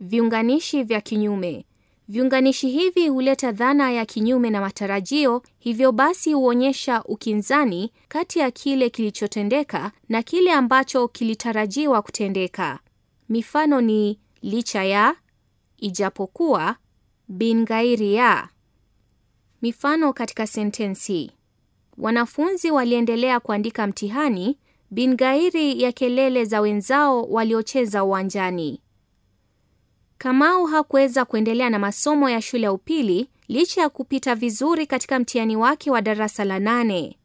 Viunganishi vya kinyume. Viunganishi hivi huleta dhana ya kinyume na matarajio, hivyo basi huonyesha ukinzani kati ya kile kilichotendeka na kile ambacho kilitarajiwa kutendeka. Mifano ni licha ya, ijapokuwa, bingairi ya. Mifano katika sentensi: wanafunzi waliendelea kuandika mtihani bingairi ya kelele za wenzao waliocheza uwanjani. Kamau hakuweza kuendelea na masomo ya shule ya upili licha ya kupita vizuri katika mtihani wake wa darasa la nane.